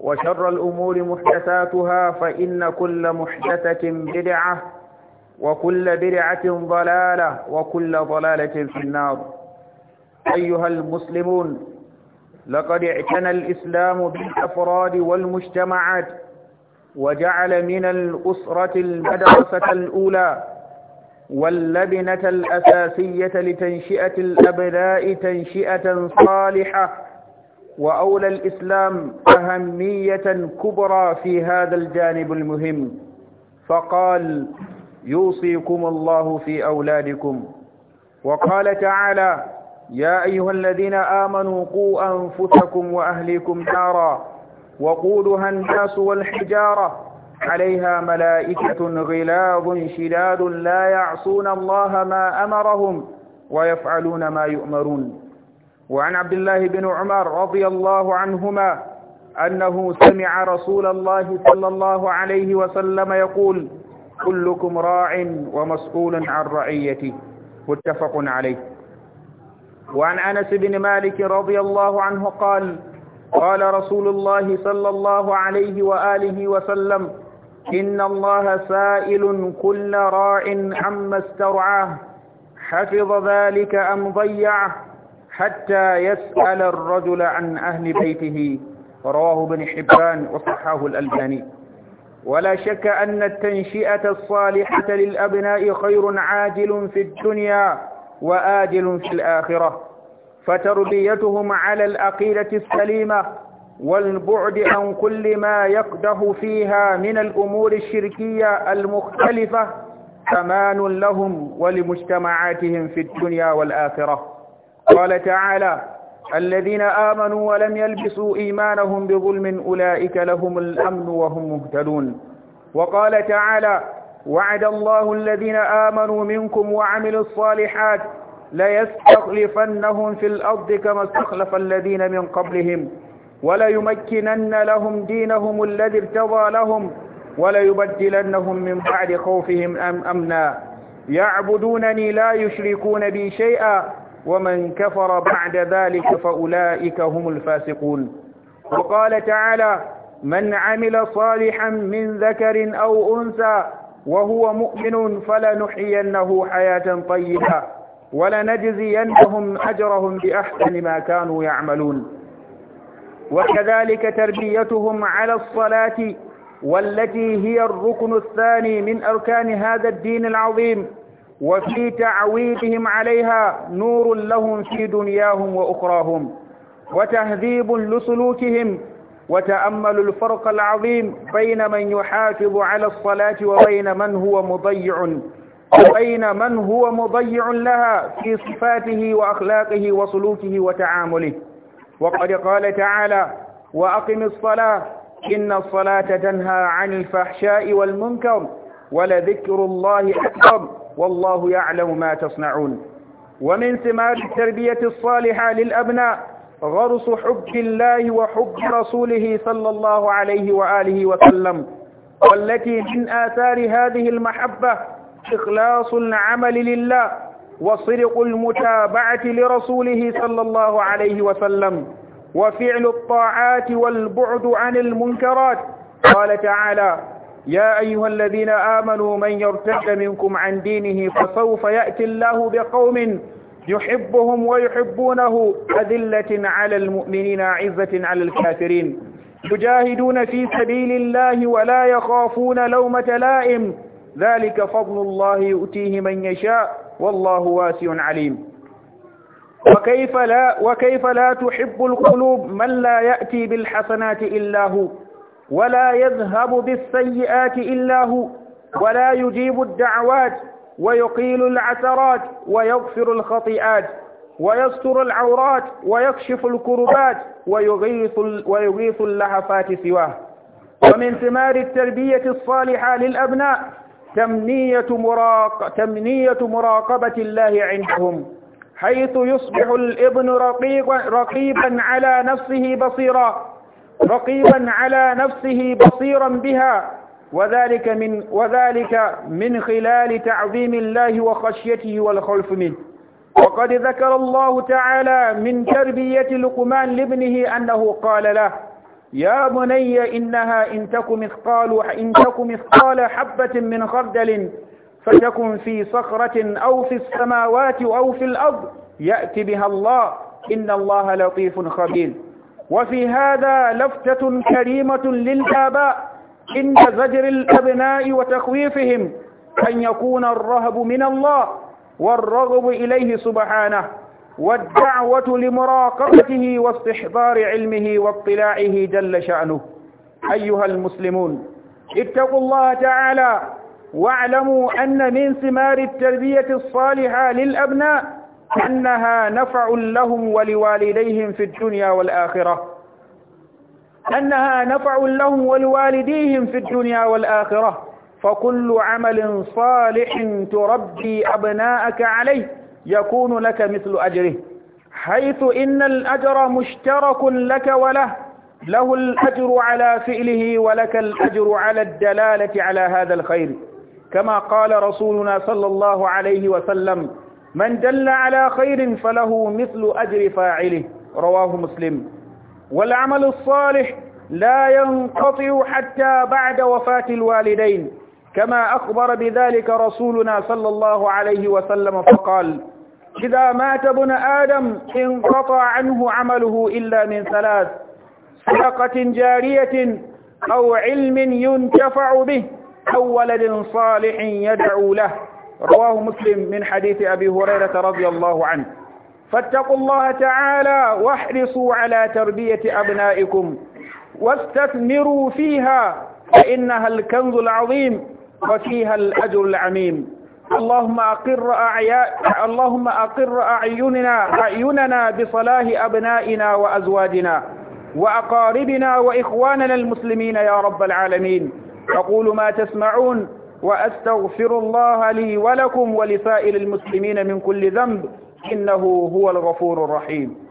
وشر الأمور محدثاتها فإن كل محدثة بدعة وكل بدعة ضلالة وكل ضلالة في النار أيها المسلمون لقد اعتنى الإسلام بالأفراد والمجتمعات وجعل من الأسرة المدرسة الأولى واللبنة الأساسية لتنشئة الأبناء تنشئة صالحة وأولى الإسلام أهمية كبرى في هذا الجانب المهم فقال يوصيكم الله في أولادكم وقال تعالى يا أيها الذين آمنوا قوا أنفسكم وأهليكم نارا وقولها الناس والحجارة عليها ملائكة غلاظ شداد لا يعصون الله ما أمرهم ويفعلون ما يؤمرون وعن عبد الله بن عمر رضي الله عنهما أنه سمع رسول الله صلى الله عليه وسلم يقول كلكم راع ومسؤول عن رعيته متفق عليه وعن أنس بن مالك رضي الله عنه قال قال رسول الله صلى الله عليه وآله وسلم إن الله سائل كل راع عما استرعاه حفظ ذلك أم ضيعه حتى يسأل الرجل عن أهل بيته رواه ابن حبان وصححه الألباني ولا شك أن التنشئة الصالحة للأبناء خير عاجل في الدنيا وآجل في الآخرة فتربيتهم على الأقيلة السليمة والبعد عن كل ما يقده فيها من الأمور الشركية المختلفة أمان لهم ولمجتمعاتهم في الدنيا والآخرة قال تعالى الذين آمنوا ولم يلبسوا إيمانهم بظلم أولئك لهم الأمن وهم مهتدون وقال تعالى وعد الله الذين آمنوا منكم وعملوا الصالحات ليستخلفنهم في الأرض كما استخلف الذين من قبلهم وليمكنن لهم دينهم الذي ارتضى لهم وليبدلنهم من بعد خوفهم أم أمنا يعبدونني لا يشركون بي شيئا ومن كفر بعد ذلك فأولئك هم الفاسقون وقال تعالى من عمل صالحا من ذكر أو أنثى وهو مؤمن فلنحيينه حياة طيبة ولنجزينهم أجرهم بأحسن ما كانوا يعملون وكذلك تربيتهم على الصلاة والتي هي الركن الثاني من أركان هذا الدين العظيم وفي تعويدهم عليها نور لهم في دنياهم وأخراهم وتهذيب لسلوكهم وتأملوا الفرق العظيم بين من يحافظ على الصلاة وبين من هو مضيع وبين من هو مضيع لها في صفاته وأخلاقه وسلوكه وتعامله وقد قال تعالى وأقم الصلاة إن الصلاة تنهى عن الفحشاء والمنكر ولذكر الله أكبر والله يعلم ما تصنعون ومن ثمار التربية الصالحة للأبناء غرس حب الله وحب رسوله صلى الله عليه وآله وسلم والتي من آثار هذه المحبة إخلاص العمل لله وصرق المتابعة لرسوله صلى الله عليه وسلم وفعل الطاعات والبعد عن المنكرات قال تعالى يا أيها الذين آمنوا من يرتد منكم عن دينه فسوف يأتي الله بقوم يحبهم ويحبونه أذلة على المؤمنين عزة على الكافرين يجاهدون في سبيل الله ولا يخافون لومة لائم ذلك فضل الله يؤتيه من يشاء والله واسع عليم وكيف لا, وكيف لا تحب القلوب من لا يأتي بالحسنات إلا هو ولا يذهب بالسيئات إلا هو ولا يجيب الدعوات ويقيل العثرات ويغفر الخطيئات ويستر العورات ويكشف الكربات ويغيث, ويغيث اللهفات سواه ومن ثمار التربية الصالحة للأبناء تمنية, مراق تمنية مراقبة الله عندهم حيث يصبح الابن رقيبا, على نفسه بصيرا رقيبا على نفسه بصيرا بها وذلك من وذلك من خلال تعظيم الله وخشيته والخوف منه وقد ذكر الله تعالى من تربية لقمان لابنه أنه قال له يا بني إنها إن تك مثقال إن تك مثقال حبة من خردل فتكن في صخرة أو في السماوات أو في الأرض يأتي بها الله إن الله لطيف خبير وفي هذا لفتة كريمة للآباء عند زجر الأبناء وتخويفهم أن يكون الرهب من الله والرغب إليه سبحانه والدعوة لمراقبته واستحضار علمه واطلاعه جل شأنه أيها المسلمون اتقوا الله تعالى واعلموا أن من ثمار التربية الصالحة للأبناء أنها نفع لهم ولوالديهم في الدنيا والآخرة أنها نفع لهم ولوالديهم في الدنيا والآخرة فكل عمل صالح تربي أبناءك عليه يكون لك مثل أجره حيث إن الأجر مشترك لك وله له الأجر على فعله ولك الأجر على الدلالة على هذا الخير كما قال رسولنا صلى الله عليه وسلم من دل على خير فله مثل أجر فاعله رواه مسلم والعمل الصالح لا ينقطع حتى بعد وفاة الوالدين كما أخبر بذلك رسولنا صلى الله عليه وسلم فقال إذا مات ابن آدم انقطع عنه عمله إلا من ثلاث صدقة جارية أو علم ينتفع به أو ولد صالح يدعو له رواه مسلم من حديث أبي هريرة رضي الله عنه فاتقوا الله تعالى واحرصوا على تربية أبنائكم واستثمروا فيها فإنها الكنز العظيم وفيها الأجر العميم اللهم أقر أعياء اللهم أقر أعيننا أعيننا بصلاح أبنائنا وأزواجنا وأقاربنا وإخواننا المسلمين يا رب العالمين أقول ما تسمعون وأستغفر الله لي ولكم ولسائر المسلمين من كل ذنب إنه هو الغفور الرحيم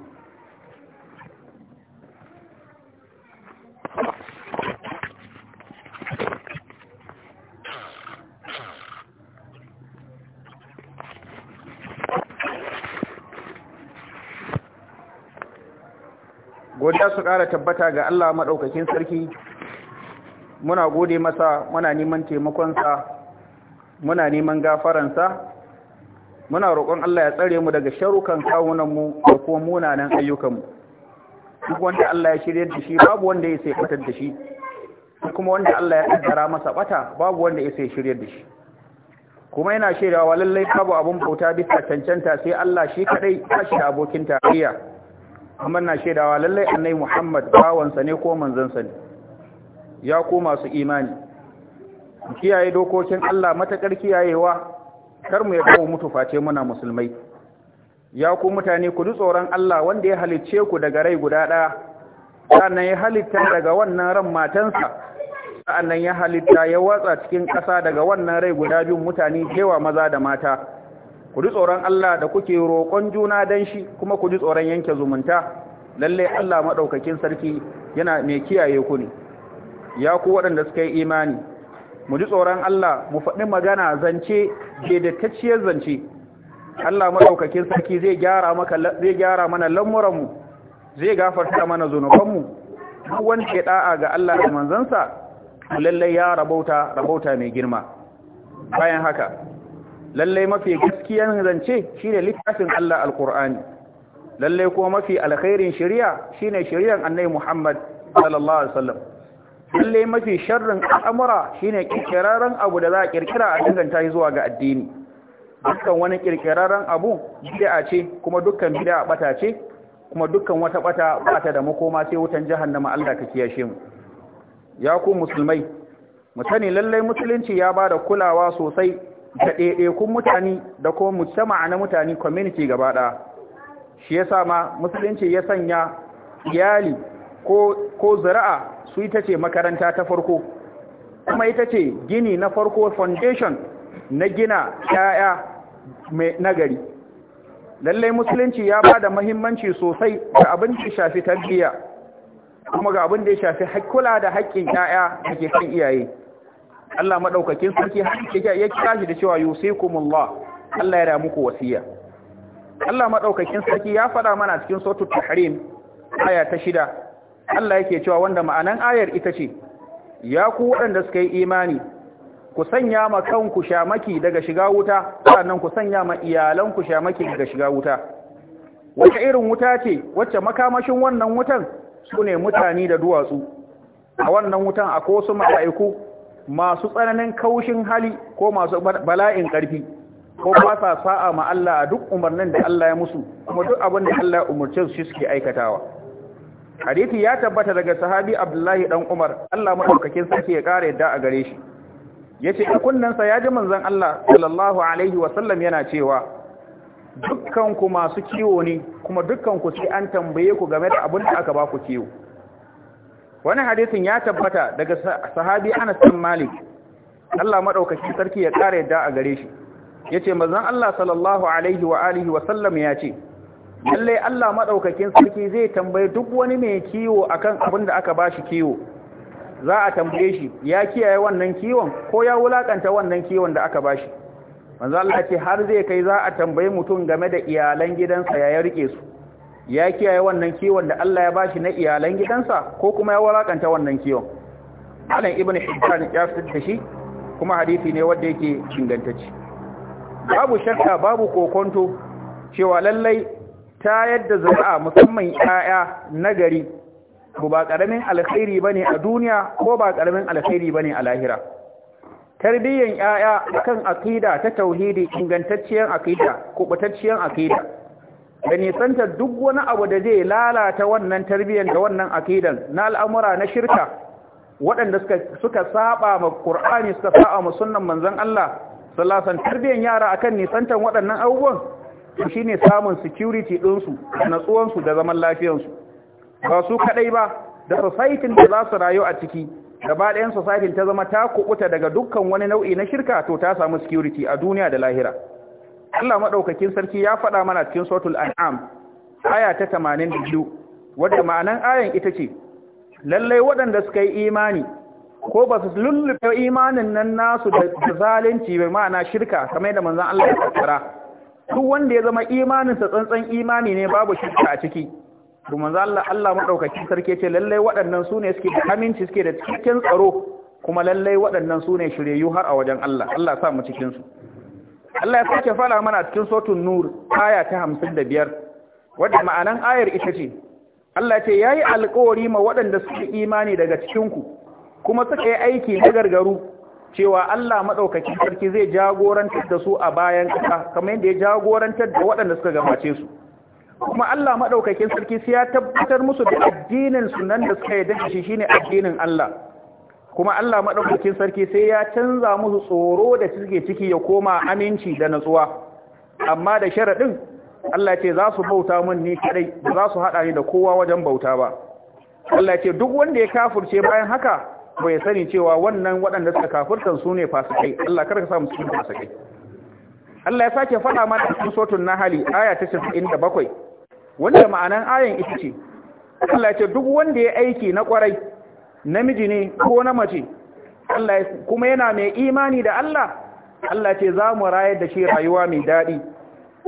godiya su kara tabbata ga Allah madaukakin sarki muna gode masa muna neman taimakonsa muna neman gafaransa muna roƙon Allah ya tsare mu daga sharukan kawunanmu da kuma munanan ayyukanmu duk wanda Allah ya shirya da shi babu wanda ya sai fatar da shi kuma wanda Allah ya ƙaddara masa bata babu wanda ya sai shirya da shi kuma yana wa lallai babu abun bauta bisa cancanta sai Allah shi kadai kashi da abokin tarayya amma na shaidawa lallai annai Muhammad bawansa ne ko manzon sa ne ya koma su imani kiyaye dokokin Allah matakar kiyayewa kar mu ya yadda mutu face muna musulmai ya ku mutane ku tsoron Allah wanda ya halicce ku daga rai guda ɗaya sannan ya halitta daga wannan ran matansa sannan ya halitta ya watsa cikin ƙasa daga wannan rai guda biyun mutane cewa maza da mata ku ji tsoron Allah da kuke roƙon juna dan shi kuma ku ji tsoron yanke zumunta Lallai Allah madaukakin sarki yana mai kiyaye ku ne ya ku waɗanda suka yi imani mu ji tsoron Allah mu faɗi magana zance daidaitacciyar zance Allah maɗaukakin sarki zai gyara maka zai gyara mana lamuranmu zai gafarta mana zunubanmu duk wanda da'a ga Allah da manzansa lallai ya rabauta rabauta mai girma bayan haka lallai mafi gaskiyan zance shine littafin Allah alqur'ani lallai kuma mafi alkhairin shari'a shine shari'an annabi Muhammad sallallahu alaihi wasallam lalle mafi sharrin al'amura shine ƙirƙirarren abu da za a ƙirƙira a danganta zuwa ga addini dukkan wani ƙirƙirarren abu bid'a ce kuma dukkan bid'a ɓata ce kuma dukkan wata ɓata bata da makoma sai wutan jihar jahannama Allah ka kiyashe mu ya ku musulmai mu lallai musulunci ya ba da kulawa sosai da ɗaiɗaikun mutane da kuma mujtama'a na mutane community gaba ɗaya shi sa ma musulunci ya sanya iyali ko ko zuri'a su ita ce makaranta ta farko kuma ita ce gini na farko foundation na gina ya'ya mai nagari lallai musulunci ya ba da mahimmanci sosai ga abin da shafi tarbiyya kuma ga abin da ya shafi kula da haƙƙin ya'ya da ke kan iyaye Allah maɗaukakin sarki ya kira shi da cewa yusikumullah Allah ya da ku wasiya Allah maɗaukakin sarki ya faɗa mana cikin sautu harin aya ta shida Allah yake cewa wanda ma'anan ayar ita ce ya ku waɗanda suka yi imani ku sanya ma kanku shamaki daga shiga wuta sannan ku sanya ma iyalanku shamaki daga shiga wuta wace irin wuta ce wacce makamashin wannan wutan su ne mutane da duwatsu a wannan wutan akwai wasu mala'iku masu tsananin kaushin hali ko masu bala'in ƙarfi ko ba sa sa'a ma Allah duk umarnin da Allah ya musu kuma duk abin da Allah ya umarce su shi suke aikatawa hadisi ya tabbata daga sahabi abdullahi dan umar Allah madaukakin sarki ya kare yadda a gare shi yace kunnan sa yaji manzon Allah sallallahu alaihi wa sallam yana cewa dukkan ku masu kiwo ne kuma dukkan ku sai an tambaye ku game da abin da aka ba ku kiwo wani hadisin ya tabbata daga sahabi Anas bin Malik Allah madaukakin sarki ya kare yadda a gare shi yace manzon Allah sallallahu alaihi wa alihi wa sallam ya ce lalle Allah maɗaukakin sarki zai tambaye duk wani mai kiwo akan abin da aka bashi kiwo za a tambaye shi ya kiyaye wannan kiwon ko ya wulakanta wannan kiwon da aka bashi manzo Allah ce har zai kai za a tambaye mutum game da iyalan gidansa ya ya rike su ya kiyaye wannan kiwon da Allah ya bashi na iyalan gidansa ko kuma ya wulakanta wannan kiwon Malam Ibn Hibban ya fitar da shi kuma hadisi ne wanda yake ingantacce babu shakka babu kokonto cewa lallai ta yadda zuri'a musamman 'ya'ya nagari to ba ƙaramin alkhairi bane a duniya ko ba ƙaramin alkhairi bane a lahira tarbiyyan 'ya'ya kan aqida ta tauhidi ingantacciyar aqida batacciyar aqida da nisanta duk wani abu da zai lalata wannan tarbiyyan da wannan aqidan na al'amura na shirka waɗanda suka saba ma Qur'ani suka saba ma sunnan manzon Allah sallallahu alaihi wasallam tarbiyyan yara akan nisantan waɗannan abubuwan to ne samun security ɗinsu da natsuwansu da zaman lafiyansu ba su kaɗai ba da society da za su rayu a ciki gaba ɗayan society ta zama ta kubuta daga dukkan wani nau'i na shirka to ta samu security a duniya da lahira Allah madaukakin sarki ya faɗa mana cikin suratul an'am aya ta biyu, wadda ma'anan ayan ita ce lallai waɗanda suka yi imani ko ba su lullube imanin nan nasu da zalunci bai ma'ana shirka kamar da manzon Allah ya fassara duk wanda ya zama imanin imaninsa tsantsan imani ne babu shirka a ciki to manzo Allah Allah madaukakin sarki ce lalle waɗannan su ne suke da aminci suke da cikakken tsaro kuma lalle waɗannan su ne shiryu har a wajen Allah Allah ya sa mu cikin su Allah ya sake fara mana cikin suratul nur aya ta 55 wadda ma'anan ayar ita ce Allah ce yayi alƙawari ma waɗanda suke imani daga cikin ku kuma suka yi aiki na gargaru cewa Allah maɗaukakin sarki zai jagorantar da su a bayan ƙasa kamar yadda ya jagorantar da waɗanda suka gabace su kuma Allah maɗaukakin sarki sai ya tabbatar musu da addinin su nan da suka yi da shi shine addinin Allah kuma Allah maɗaukakin sarki sai ya canza musu tsoro da suke ciki ya koma aminci da natsuwa amma da sharaɗin Allah ce za su bauta mun ni kadai ba za su haɗa ni da kowa wajen bauta ba Allah ce duk wanda ya kafurce bayan haka ko ya sani cewa wannan waɗanda suka kafurtan su ne fasikai Allah kar ka sa mu cikin fasikai Allah ya sake faɗa mana cikin sotun nahali aya ta 97 wanda ma'anan ayan ita ce Allah ya ce duk wanda ya aiki na kwarai namiji ne ko na mace Allah kuma yana mai imani da Allah Allah ce za mu rayar da shi rayuwa mai daɗi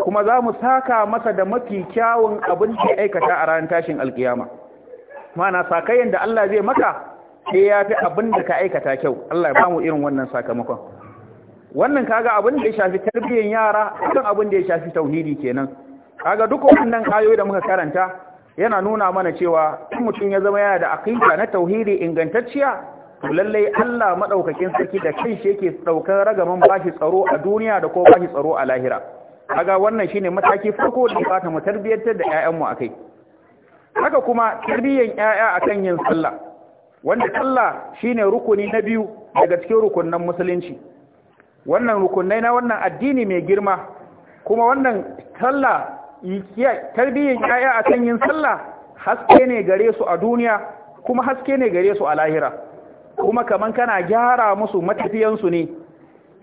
kuma za mu saka masa da mafi kyawun abin da aikata a ranar tashin alkiyama mana sakayen da Allah zai maka sai ya fi abin da ka aikata kyau Allah ya ba mu irin wannan sakamakon wannan kaga abin da ya shafi tarbiyyar yara kan abin da ya shafi tauhidi kenan kaga duk wannan ayoyi da muka karanta yana nuna mana cewa in mutum ya zama yana da aqida na tauhidi ingantacciya to lallai Allah maɗaukakin sarki da kanshi yake daukar ragaman bashi tsaro a duniya da ko bashi tsaro a lahira kaga wannan shine mataki farko da fata mu tarbiyyantar da ƴaƴanmu kai. haka kuma tarbiyyar ƴaƴa akan yin sallah wanda shi shine rukuni na biyu daga cikin rukunnan musulunci wannan rukunai na wannan addini mai girma kuma wannan sallah tarbiyyar yaya akan yin sallah haske ne gare su a duniya kuma haske ne gare su a lahira kuma kaman kana gyara musu matafiyansu ne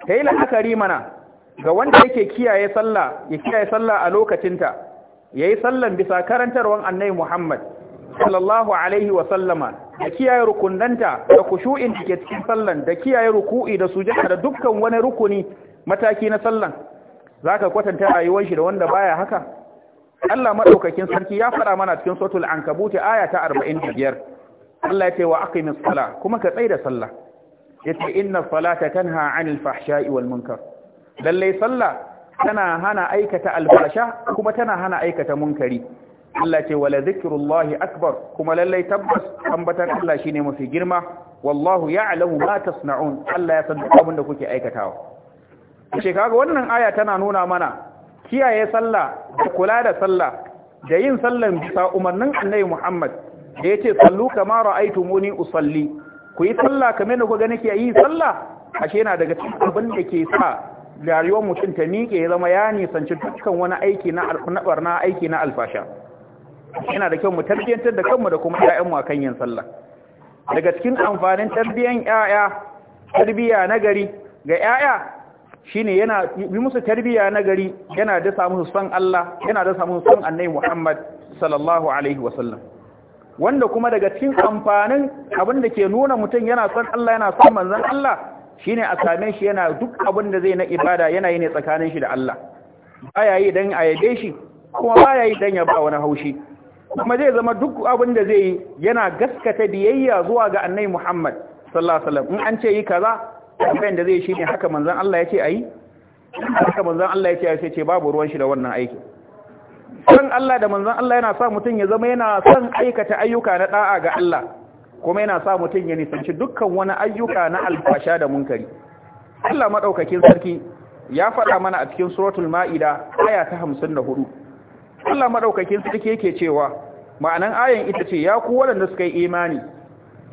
ta yi la'akari mana ga wanda yake kiyaye sallah ya kiyaye sallah a lokacinta ya yi sallan bisa karantarwan annai muhammad sallallahu alaihi wa sallama da kiyaye rukunanta da kushu'in da ke cikin sallan da kiyaye ruku'i da sujada da dukkan wani rukuni mataki na sallan zaka kwatanta rayuwar shi da wanda baya haka Allah madaukakin sarki ya fara mana cikin suratul ankabut aya ta 45 Allah ya ce wa aqimis sala kuma ka tsaya da sallah yace inna salata tanha 'anil fahsha'i wal munkar lalle sallah tana hana aikata albasha kuma tana hana aikata munkari Allah ce wala zikrullahi akbar kuma lallai tabbas ambatan Allah shine mafi girma wallahu ya'lamu ma tasna'un Allah ya san abin da kuke aikatawa kace kaga wannan aya tana nuna mana kiyaye sallah da kula da sallah da yin sallan bisa umarnin Annabi Muhammad da yace sallu kama ra'aytumuni usalli ku yi sallah kamar da ku ga nake yi sallah ashe yana daga cikin abin da ke sa rayuwar mutum ta miƙe ya zama ya nisanci dukkan wani aiki na barna aiki na alfasha yana da kyau mu tarbiyyantar da kanmu da kuma ƴaƴanmu akan yin sallah daga cikin amfanin tarbiyyan ƴaƴa tarbiya na ga ƴaƴa shine yana bi musu tarbiyya nagari gari yana da samu san Allah yana da samu san Annabi Muhammad sallallahu alaihi wasallam wanda kuma daga cikin amfanin abin da ke nuna mutum yana son Allah yana son manzon Allah shine a same shi yana duk abin da zai na ibada yana yi ne tsakanin shi da Allah baya yi dan a yabe shi kuma baya yi dan ya ba wani haushi kuma zai zama duk abin da zai yi yana gaskata biyayya zuwa ga annai Muhammad sallallahu alaihi wasallam in an ce yi kaza abin da zai shine haka manzon Allah yace ayi haka manzon Allah yace ayi sai ce babu ruwan shi da wannan aiki san Allah da manzon Allah yana sa mutun ya zama yana son aikata ayyuka na da'a ga Allah kuma yana sa mutun ya nisanci dukkan wani ayyuka na alfasha da munkari Allah madaukakin sarki ya faɗa mana a cikin suratul ma'ida aya ta 54 Allah madaukakin sarki yake cewa ma'anan ayan ita ce ya ku waɗanda suka yi imani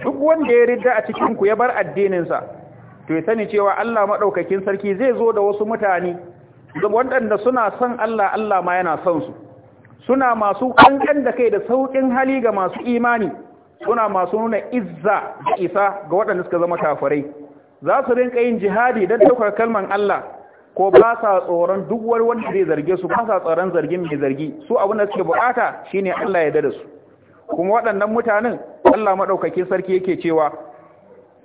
duk wanda ya ridda a cikin ku ya bar addinin sa to ya sani cewa Allah maɗaukakin sarki zai zo da wasu mutane waɗanda suna son Allah Allah ma yana son su suna masu kankan da kai da saukin hali ga masu imani suna masu nuna izza da isa ga waɗanda suka zama kafirai za su rinƙa yin jihadi don daukar kalman Allah ko ba sa tsoron duk wani wanda zai zarge su ba sa tsoron zargin mai zargi su abin da suke bukata shine Allah ya dada su kuma waɗannan mutanen Allah madaukakin sarki yake cewa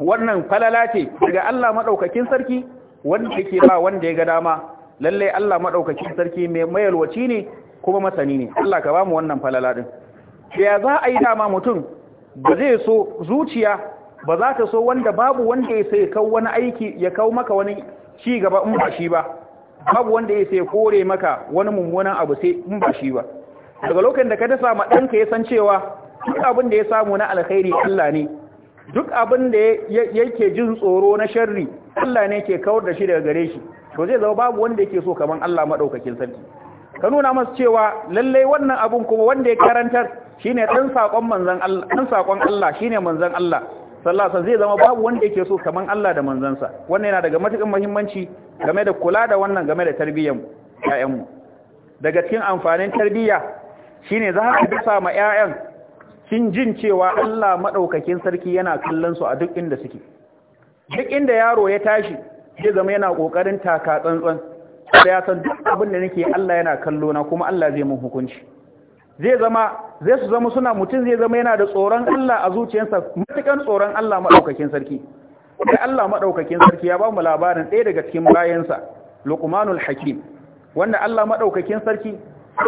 wannan falala ce daga Allah madaukakin sarki wanda yake ba wanda ya ga dama Lallai Allah madaukakin sarki mai mayalwaci ne kuma masani ne Allah ka ba mu wannan falala din ya za a yi dama mutum ba zai so zuciya ba za ta so wanda babu wanda ya sai kawo wani aiki ya kawo maka wani ci gaba in ba shi ba babu wanda ya sai kore maka wani mummunan abu sai in ba shi ba daga lokacin da ka dasa ma ɗanka ya san cewa duk abin da ya samu na alkhairi Allah ne duk abin da yake jin tsoro na sharri Allah ne ke kawar da shi daga gare shi to zai zama babu wanda yake so kaman Allah madaukakin sarki ka nuna masa cewa lallai wannan abun kuma wanda ya karantar shine dan sakon manzon Allah dan sakon Allah shine manzon Allah sallasa zai zama babu wanda yake so kaman Allah da manzansa wannan yana daga matukan muhimmanci game da kula da wannan game da tarbiyyar ƴaƴanmu daga cikin amfanin tarbiyya shine za ka dusa ma ƴaƴan kin jin cewa Allah madaukakin sarki yana kallon su a duk inda suke duk inda yaro ya tashi zai zama yana kokarin taka tsantsan sai ya san duk abin da nake Allah yana kallo na kuma Allah zai mun hukunci zai zama zai su zama suna mutum zai zama yana da tsoron Allah a zuciyarsa matukan tsoron Allah maɗaukakin sarki da Allah maɗaukakin sarki ya ba mu labarin ɗaya daga cikin bayansa Luqmanul Hakim wanda Allah maɗaukakin sarki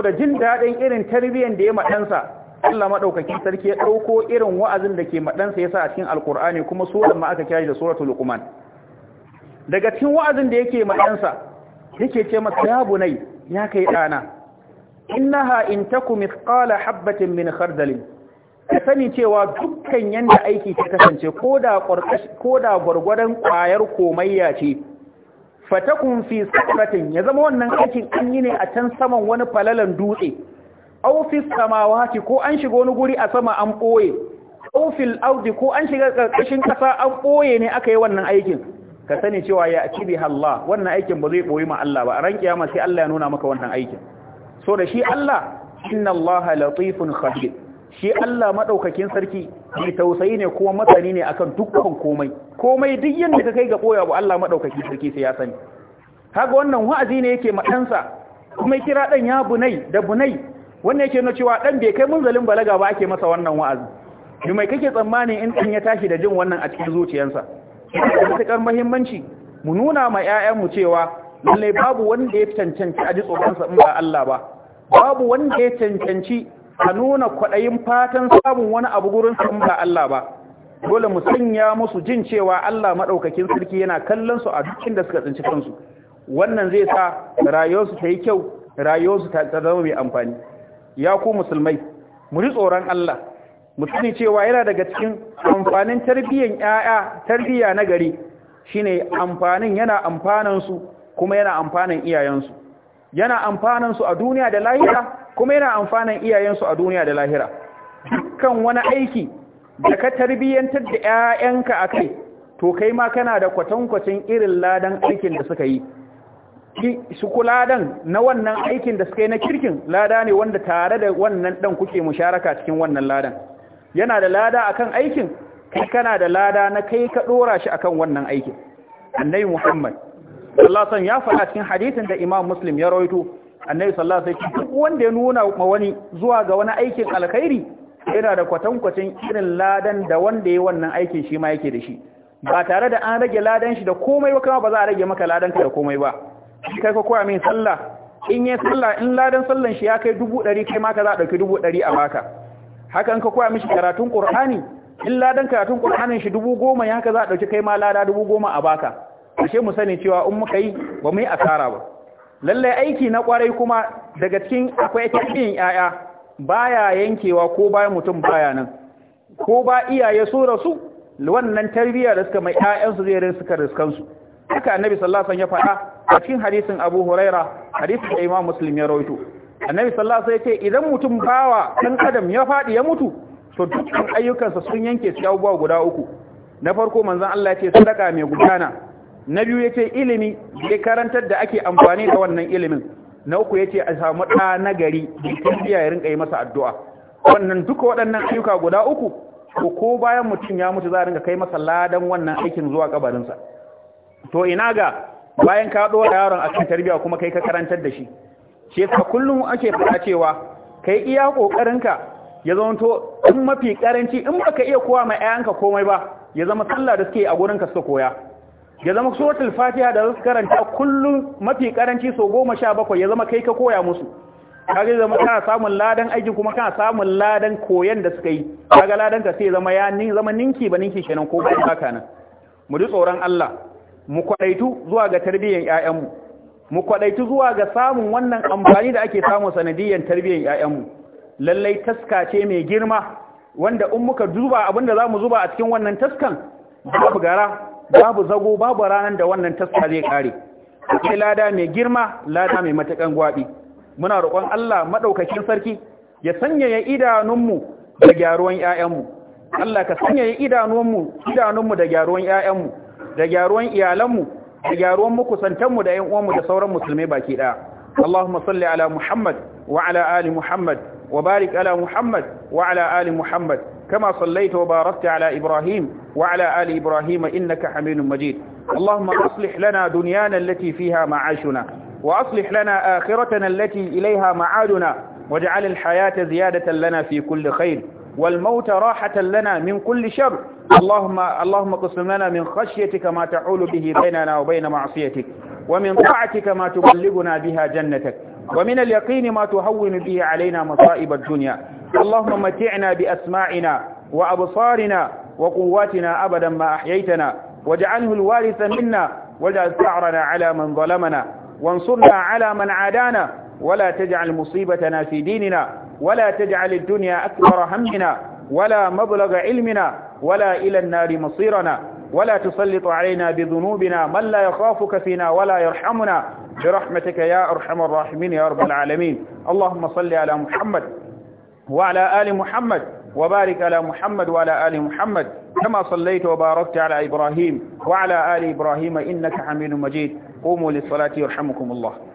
da jin daɗin irin tarbiyyar da ya maɗansa Allah maɗaukakin sarki ya ɗauko irin wa'azin da ke maɗansa ya sa a cikin Alƙur'ani kuma suran ma aka kyaji da suratul luqman daga cikin wa'azin da yake maɗansa yake ce masa ya bunai ya kai ɗana innaha in taku mithqala habatin min khardalin ka sani cewa dukkan yanda aiki ta kasance koda koda gurgurdan kwayar komayya ce fatakun fi sakratin ya zama wannan aikin an yi ne a can saman wani falalan dutse aw fi samawati ko an shiga wani guri a sama an boye aw fil ardi ko an shiga karkashin kasa an boye ne aka yi wannan aikin ka sani cewa ya akibi Allah wannan aikin ba zai boye ma Allah ba a ran kiyama sai Allah ya nuna maka wannan aikin so da shi Allah inna Allah latifun khabir shi Allah madaukakin sarki mai tausayi ne kuma matsani ne akan dukkan komai komai duk yanda ka kai ga boya ba Allah madaukakin sarki sai ya sani haka wannan wa'azi ne yake madansa kuma kira dan ya bunai da bunai wannan yake nuna cewa dan bai kai munzalin balaga ba ake masa wannan wa'azi ni mai kake tsammani in dan ya tashi da jin wannan a cikin zuciyarsa matukar muhimmanci mu nuna ma 'ya'yanmu cewa lallai babu wanda ya cancanci a ji tsoronsa in ba Allah ba babu wanda ya cancanci a nuna kwaɗayin fatan samun wani abu gurin in ba Allah ba dole mu sanya musu jin cewa Allah maɗaukakin sarki yana kallon su a dukkan da suka tsinci kansu wannan zai sa rayuwarsu ta yi kyau rayuwarsu ta zama mai amfani ya ku musulmai mu ji tsoron Allah mu sani cewa yana daga cikin amfanin tarbiyyar ƴaƴa tarbiyya na gari shine amfanin yana amfanan su kuma yana amfanin iyayensu yana amfanin su a duniya da lahira kuma yana amfanin iyayensu a duniya da lahira dukkan wani aiki da ka tarbiyyantar da ƴaƴanka akai to kai ma kana da kwatankwacin irin ladan aikin da suka yi su ku dan na wannan aikin da suka yi na kirkin lada ne wanda tare da wannan dan kuke musharaka cikin wannan ladan yana da lada akan aikin kai kana da lada na kai ka ɗora shi akan wannan aikin annabi muhammad Sallasan alaihi ya faɗa cikin hadisin da Imam Muslim ya rawaito annabi sallallahu alaihi wasallam duk wanda ya nuna ma wani zuwa ga wani aikin alkhairi yana da kwatankwacin irin ladan da wanda ya wannan aikin shi ma yake da shi ba tare da an rage ladan shi da komai ba kuma ba za a rage maka ladan ka da komai ba kai ka koya min sallah in yi sallah in ladan sallan shi ya kai dubu ɗari kai ma ka za a ɗauki dubu ɗari a baka hakan ka koya mishi karatun ƙur'ani in ladan karatun ƙur'anin shi dubu goma ya ka za a ɗauki kai ma lada dubu goma a baka ashe mu sani cewa in muka yi ba mu yi asara ba lallai aiki na kwarai kuma daga cikin akwai yin yaya baya yankewa ko bayan mutum baya nan ko ba iyaye su rasu wannan tarbiyya da suka mai ƴaƴansu zai rin suka riskansu haka annabi sallallahu alaihi wasallam ya faɗa a cikin hadisin Abu Huraira hadisin da Imam Muslim ya rawaito annabi sallallahu alaihi wasallam ya ce idan mutum bawa dan adam ya faɗi ya mutu to dukkan ayyukansa sun yanke su abubuwa guda uku na farko manzon Allah ya ce sadaka mai gudana na biyu ce ilimi da karantar da ake amfani da wannan ilimin na uku yace a samu ɗa na gari da ya rinka yi masa addu'a wannan duka waɗannan ayyuka guda uku ko bayan mutum ya mutu za a rinka kai masa ladan wannan aikin zuwa kabarinsa to ina ga bayan ka ɗora yaron akan tarbiyya kuma kai ka karantar da shi shi yasa kullum ake faɗa cewa kai iya ƙoƙarinka ya zama to in mafi ƙaranci in baka iya kowa mai 'ya'yanka komai ba ya zama sallah da suke a gurinka suka koya ya zama suratul fatiha da su karanta kullum mafi karanci so goma sha bakwai ya zama kai ka koya musu kaga zama kana samun ladan aiki kuma kana samun ladan koyan da suka yi kaga ladan ka sai zama ya zama ninki ba ninki kenan ko ba haka nan mu ji tsoron Allah mu kwadaitu zuwa ga tarbiyyar yayanmu. mu kwaɗaitu zuwa ga samun wannan amfani da ake samu sanadiyyar tarbiyyar yayanmu. lallai taska ce mai girma wanda in muka duba abinda mu zuba a cikin wannan taskan babu gara babu zago babu ranar da wannan taska zai kare Sai lada mai girma lada mai matakan gwabi muna roƙon Allah madaukakin sarki ya sanyaya idanunmu da gyaruwan ƴaƴanmu Allah ka sanyaya idanunmu idanunmu da gyaruwan ƴaƴanmu da gyaruwan iyalanmu da gyaruwan mukusantanmu da ƴan uwanmu da sauran musulmai baki ɗaya Allahumma salli ala Muhammad wa ala ali Muhammad wa barik ala Muhammad wa ala ali Muhammad كما صليت وباركت على إبراهيم وعلى آل إبراهيم إنك حميد مجيد اللهم أصلح لنا دنيانا التي فيها معاشنا وأصلح لنا آخرتنا التي إليها معادنا واجعل الحياة زيادة لنا في كل خير والموت راحة لنا من كل شر اللهم اللهم قسم لنا من خشيتك ما تحول به بيننا وبين معصيتك ومن طاعتك ما تبلغنا بها جنتك ومن اليقين ما تهون به علينا مصائب الدنيا اللهم متعنا بأسماعنا وأبصارنا وقواتنا أبدا ما أحييتنا واجعله الوارث منا واجعل ثأرنا على من ظلمنا وانصرنا على من عادانا ولا تجعل مصيبتنا في ديننا ولا تجعل الدنيا أكبر همنا ولا مبلغ علمنا ولا إلى النار مصيرنا ولا تسلط علينا بذنوبنا من لا يخافك فينا ولا يرحمنا برحمتك يا أرحم الراحمين يا رب العالمين اللهم صل على محمد وعلى آل محمد وبارك على محمد وعلى آل محمد كما صليت وباركت على إبراهيم وعلى آل إبراهيم إنك حميد مجيد قوموا للصلاة يرحمكم الله